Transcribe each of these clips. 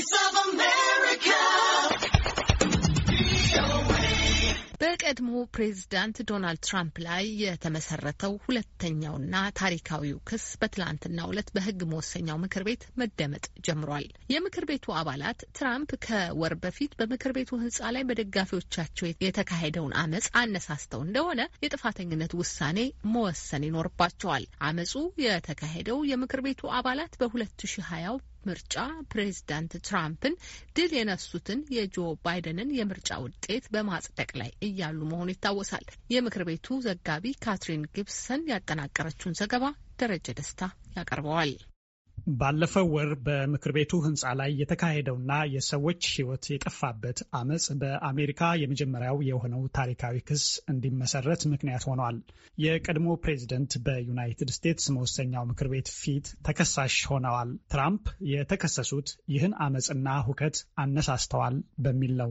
Voice of America. በቀድሞ ፕሬዝዳንት ዶናልድ ትራምፕ ላይ የተመሰረተው ሁለተኛውና ታሪካዊው ክስ በትላንትናው ዕለት በሕግ መወሰኛው ምክር ቤት መደመጥ ጀምሯል። የምክር ቤቱ አባላት ትራምፕ ከወር በፊት በምክር ቤቱ ሕንፃ ላይ በደጋፊዎቻቸው የተካሄደውን አመፅ አነሳስተው እንደሆነ የጥፋተኝነት ውሳኔ መወሰን ይኖርባቸዋል። አመፁ የተካሄደው የምክር ቤቱ አባላት በ2020 ምርጫ ፕሬዚዳንት ትራምፕን ድል የነሱትን የጆ ባይደንን የምርጫ ውጤት በማጽደቅ ላይ እያሉ መሆኑ ይታወሳል። የምክር ቤቱ ዘጋቢ ካትሪን ጊብሰን ያጠናቀረችውን ዘገባ ደረጀ ደስታ ያቀርበዋል። ባለፈው ወር በምክር ቤቱ ህንፃ ላይ የተካሄደውና የሰዎች ህይወት የጠፋበት አመፅ በአሜሪካ የመጀመሪያው የሆነው ታሪካዊ ክስ እንዲመሰረት ምክንያት ሆኗል። የቀድሞ ፕሬዚደንት በዩናይትድ ስቴትስ መወሰኛው ምክር ቤት ፊት ተከሳሽ ሆነዋል። ትራምፕ የተከሰሱት ይህን አመፅና ሁከት አነሳስተዋል በሚል ነው።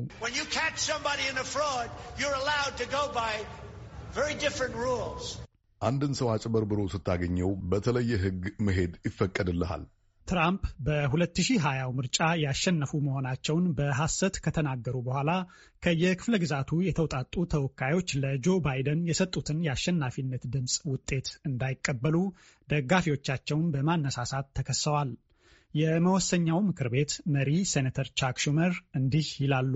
አንድን ሰው አጭበርብሮ ስታገኘው በተለየ ሕግ መሄድ ይፈቀድልሃል። ትራምፕ በ2020 ምርጫ ያሸነፉ መሆናቸውን በሐሰት ከተናገሩ በኋላ ከየክፍለ ግዛቱ የተውጣጡ ተወካዮች ለጆ ባይደን የሰጡትን የአሸናፊነት ድምፅ ውጤት እንዳይቀበሉ ደጋፊዎቻቸውን በማነሳሳት ተከሰዋል። የመወሰኛው ምክር ቤት መሪ ሴኔተር ቻክ ሹመር እንዲህ ይላሉ።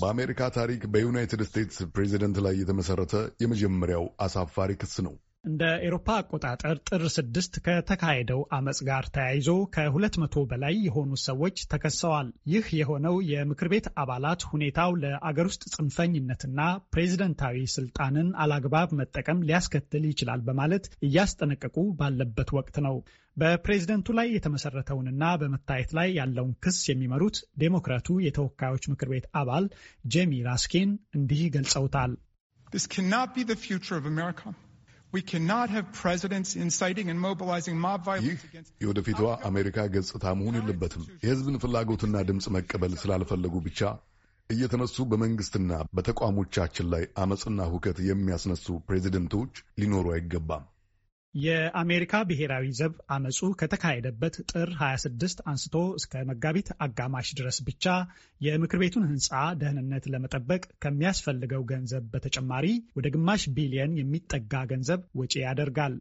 በአሜሪካ ታሪክ በዩናይትድ ስቴትስ ፕሬዚደንት ላይ የተመሠረተ የመጀመሪያው አሳፋሪ ክስ ነው። እንደ ኤሮፓ አቆጣጠር ጥር ስድስት ከተካሄደው አመፅ ጋር ተያይዞ ከሁለት መቶ በላይ የሆኑ ሰዎች ተከሰዋል። ይህ የሆነው የምክር ቤት አባላት ሁኔታው ለአገር ውስጥ ጽንፈኝነትና ፕሬዝደንታዊ ስልጣንን አላግባብ መጠቀም ሊያስከትል ይችላል በማለት እያስጠነቀቁ ባለበት ወቅት ነው። በፕሬዝደንቱ ላይ የተመሰረተውንና በመታየት ላይ ያለውን ክስ የሚመሩት ዴሞክራቱ የተወካዮች ምክር ቤት አባል ጄሚ ራስኬን እንዲህ ገልጸውታል። This cannot be the future of America. ይህ የወደፊቷ አሜሪካ ገጽታ መሆን የለበትም። የሕዝብን ፍላጎትና ድምፅ መቀበል ስላልፈለጉ ብቻ እየተነሱ በመንግስትና በተቋሞቻችን ላይ አመፅና ሁከት የሚያስነሱ ፕሬዚደንቶች ሊኖሩ አይገባም። የአሜሪካ ብሔራዊ ዘብ አመፁ ከተካሄደበት ጥር 26 አንስቶ እስከ መጋቢት አጋማሽ ድረስ ብቻ የምክር ቤቱን ሕንፃ ደህንነት ለመጠበቅ ከሚያስፈልገው ገንዘብ በተጨማሪ ወደ ግማሽ ቢሊየን የሚጠጋ ገንዘብ ወጪ ያደርጋል።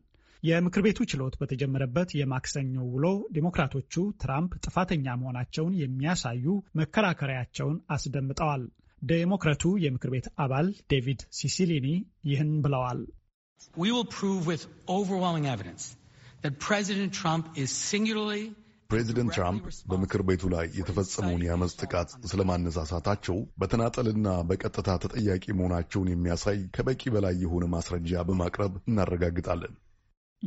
የምክር ቤቱ ችሎት በተጀመረበት የማክሰኞ ውሎ ዴሞክራቶቹ ትራምፕ ጥፋተኛ መሆናቸውን የሚያሳዩ መከራከሪያቸውን አስደምጠዋል። ዴሞክራቱ የምክር ቤት አባል ዴቪድ ሲሲሊኒ ይህን ብለዋል። We will prove with overwhelming evidence that President Trump is singularly ፕሬዚደንት ትራምፕ በምክር ቤቱ ላይ የተፈጸመውን የአመፅ ጥቃት ስለማነሳሳታቸው በተናጠልና በቀጥታ ተጠያቂ መሆናቸውን የሚያሳይ ከበቂ በላይ የሆነ ማስረጃ በማቅረብ እናረጋግጣለን።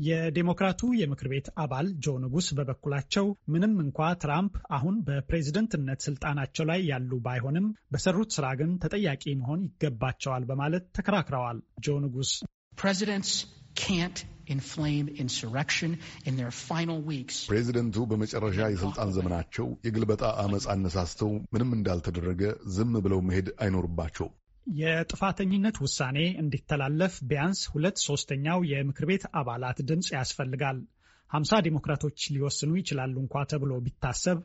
የዴሞክራቱ የምክር ቤት አባል ጆ ንጉስ በበኩላቸው ምንም እንኳ ትራምፕ አሁን በፕሬዝደንትነት ስልጣናቸው ላይ ያሉ ባይሆንም በሰሩት ስራ ግን ተጠያቂ መሆን ይገባቸዋል በማለት ተከራክረዋል። ጆ ንጉስ ፕሬዚደንቱ በመጨረሻ የስልጣን ዘመናቸው የግልበጣ አመፅ አነሳስተው ምንም እንዳልተደረገ ዝም ብለው መሄድ አይኖርባቸው የጥፋተኝነት ውሳኔ እንዲተላለፍ ቢያንስ ሁለት ሶስተኛው የምክር ቤት አባላት ድምፅ ያስፈልጋል። ሀምሳ ዲሞክራቶች ሊወስኑ ይችላሉ እንኳ ተብሎ ቢታሰብ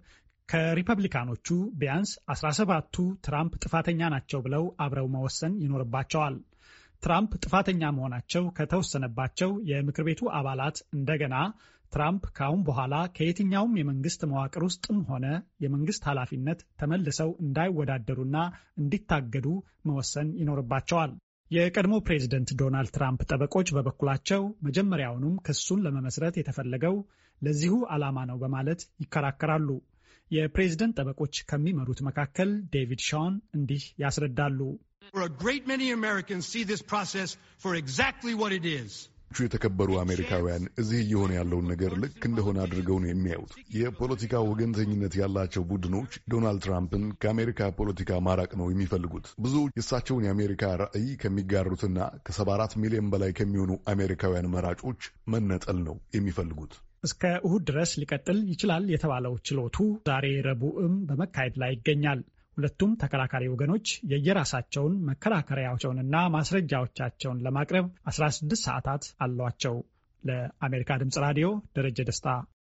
ከሪፐብሊካኖቹ ቢያንስ አስራ ሰባቱ ትራምፕ ጥፋተኛ ናቸው ብለው አብረው መወሰን ይኖርባቸዋል። ትራምፕ ጥፋተኛ መሆናቸው ከተወሰነባቸው የምክር ቤቱ አባላት እንደገና ትራምፕ ካሁን በኋላ ከየትኛውም የመንግስት መዋቅር ውስጥም ሆነ የመንግስት ኃላፊነት ተመልሰው እንዳይወዳደሩና እንዲታገዱ መወሰን ይኖርባቸዋል። የቀድሞ ፕሬዝደንት ዶናልድ ትራምፕ ጠበቆች በበኩላቸው መጀመሪያውኑም ክሱን ለመመስረት የተፈለገው ለዚሁ ዓላማ ነው በማለት ይከራከራሉ። የፕሬዝደንት ጠበቆች ከሚመሩት መካከል ዴቪድ ሻውን እንዲህ ያስረዳሉ። የተከበሩ አሜሪካውያን እዚህ እየሆነ ያለውን ነገር ልክ እንደሆነ አድርገው ነው የሚያዩት። የፖለቲካ ወገንተኝነት ያላቸው ቡድኖች ዶናልድ ትራምፕን ከአሜሪካ ፖለቲካ ማራቅ ነው የሚፈልጉት። ብዙ የእሳቸውን የአሜሪካ ራዕይ ከሚጋሩትና ከ74 ሚሊዮን በላይ ከሚሆኑ አሜሪካውያን መራጮች መነጠል ነው የሚፈልጉት። እስከ እሁድ ድረስ ሊቀጥል ይችላል የተባለው ችሎቱ ዛሬ ረቡዕም በመካሄድ ላይ ይገኛል። ሁለቱም ተከራካሪ ወገኖች የየራሳቸውን መከራከሪያቸውንና ማስረጃዎቻቸውን ለማቅረብ 16 ሰዓታት አሏቸው። ለአሜሪካ ድምፅ ራዲዮ ደረጀ ደስታ